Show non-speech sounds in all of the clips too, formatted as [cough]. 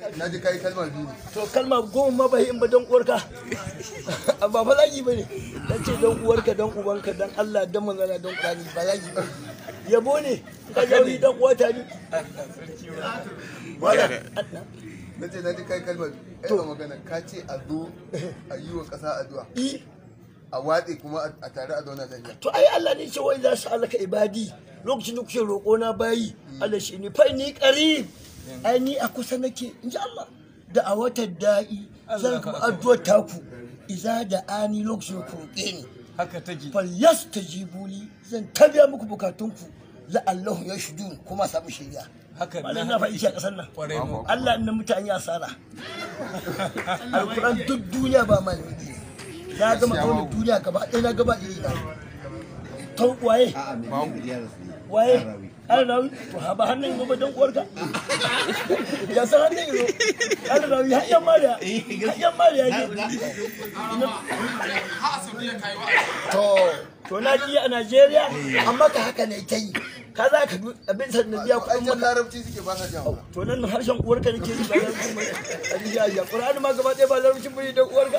Na ji kai kalma biyu. To kalma goma ma bai in ba dan uwarka. Amma ba zagi ne. Na ce dan uwarka dan ubanka dan Allah dan manzana dan Qur'ani ba zagi ne. Yabo ne ka jauri dan uwata ne. Wala. Na ce na ji kai kalma biyu. Ina magana ka ce a zo a yi wa ƙasa addu'a. a watse kuma a tare a zauna lafiya. To ai Allah ne ce wai za su alaka ibadi lokacin da kuke roƙo na bayi mm. Allah shi ne fa ni qarib ai ni a kusa nake in ji Allah da a watan da'i zan kuma addu'a taku iza da ani lokacin kurke ni haka take fal yastajibu li zan tabiya muku bukatunku la ya shudu kuma samu shiriya. haka ne na faɗi a kasar nan Allah inda mutane ya sara [laughs] alquran duk duniya ba mai na gama kawai duniya gaba ɗaya na gaba ɗaya na tau waye waye har rawi ba hannun gaba don uwarka ya san har yanzu har rawi har yan mariya har eh, yan mariya ne to to na ji a Najeriya eh. amma ka haka ne ta yi ka za ka abin san biya kuɗin maka larabci suke ba sa jawo to nan harshen uwarka nake yi ba larabcin ba a jiya ya ƙur'ani ma gaba ɗaya ba larabcin ba ne don uwarka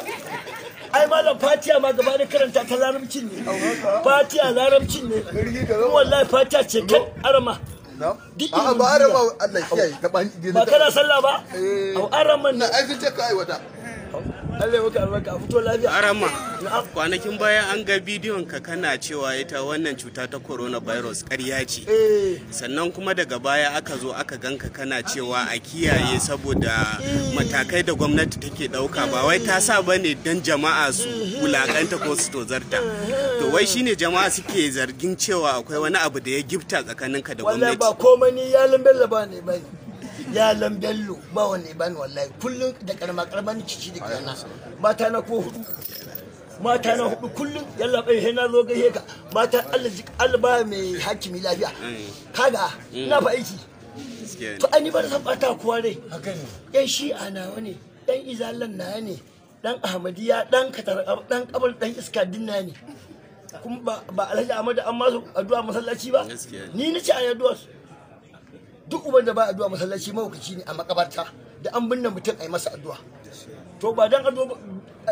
malam fatiya ma gaba da karanta ta larabcin ne fatiya larabcin ne wallahi fatiya ce kan arama a'a ba arama Allah kiyaye ba kana sallah ba eh. au araman na ai kace kai wata Allah ya albarka fito lafiya arama kwanakin baya an ga bidiyon ka kana cewa ita wannan cuta ta coronavirus ƙarya ce eh. sannan kuma daga baya aka zo aka ganka kana cewa a kiyaye saboda eh. matakai da gwamnati take ɗauka ba wai ta sa bane dan jama'a su eh. wulakanta ko su tozarta to wai shine jama'a suke zargin cewa akwai wani abu da ya gifta tsakaninka da gwamnati wallahi ba komai ni ya lambar ba ne bai yalan bello ba wani bani wallahi kullum da karma karman cici da kana mata na ko hudu mata na hudu kullum yalla bai he na zo gahe ka mata Allah Allah alba mai hakimi lafiya eh. kaga ina eh. fa aiki to ani ba san bata kuwa dai haka ne yan shi'a nawa ne dan izalan na ne dan ahmadiyya dan katar dan kabul dan iska dinna ne kuma ba alhaji ahmadu an masu addu'a masallaci ba ni nace a addu'a duk uban da ba addu'a masallaci mawukaci ne a makabarta da an binne mutum a yi masa addu'a to ba dan addu'a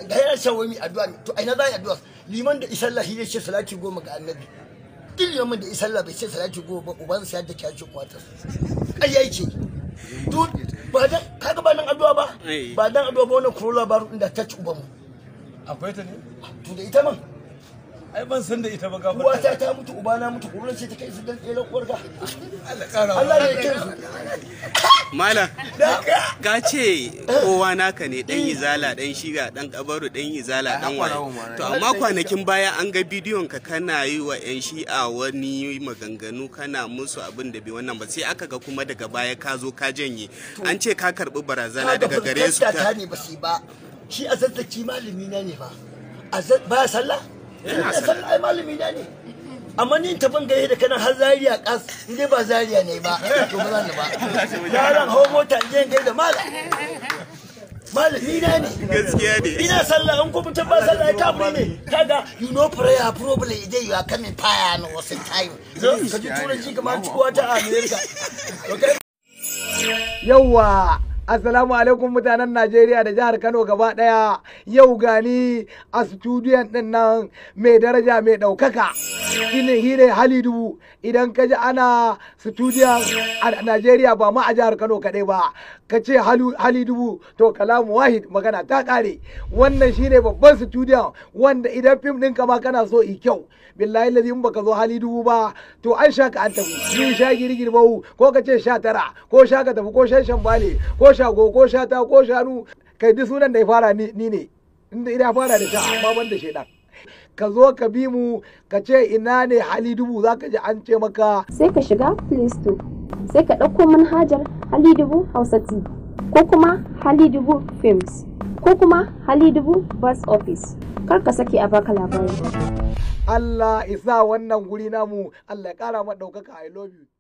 ga yana sa mai addu'a ne to aina za a yi addu'a liman da isalla shi ce salati goma ga annabi duk liman da isalla bai ce salati goma ba uban sa da kwata kwatar ƙarya yake duk ba dan kaga ba dan addu'a ba eh. ba dan addu'a ba wannan kuma labarin da ta ci uban mu akwai ta ne to da ita man ai ban san da ita ba ga uwata ta mutu uba na mutu kuma ce ta kai su dan tseren uwarka Allah ya Allah su malam ga ce kowa naka ne dan izala dan shiga dan kabaru dan izala dan waye to amma kwanakin baya an ga bidiyon ka kana yi wa yan shi'a wani maganganu kana musu abin da bai wannan ba sai aka ga kuma daga baya ka zo ka janye an ce ka karbi barazana daga gare su ka. ba shi ba shi malami na ne ba ba sallah yana sanar ai malami na ne amma ni ta ban gare da kana har zariya kas in dai ba zariya ne ba to ba zan ba yaran hau mota in je in da malam malami na ne gaskiya ne ina sallah in kuma ta ba sallah ta bure ne kaga you know prayer probably today you are coming fire no was time ka ji turanci kamar cikuwa ta america yawa assalamu alaikum mutanen najeriya da jihar kano gaba daya yau gani a studiyon din nan mai daraja mai ɗaukaka shine hire halidu idan ka ji ana studiyon a najeriya ba ma a jihar kano kaɗai ba ka ce halidu to kalamu wahid magana ta ƙare wannan shine babban studiyon wanda idan fim ɗin ma kana so i kyau billahi lazi in baka zo halidu ba to an sha ka an tafi yin sha girgir bau ko ka ce sha tara ko sha ka tafi ko shan shambale ko sha shago ko sha ta ko shanu kai duk sunan da ya fara ni ne inda ina fara da ta amma ban da shaidan ka zo ka bi mu ka ce ina ne hali dubu za ka ji an ce maka sai ka shiga play store sai ka ɗauko manhajar hali dubu hausa t ko kuma hali dubu films ko kuma hali dubu bus office kar ka saki a baka labari Allah isa wannan guri namu Allah ya kara ma ɗaukaka I love you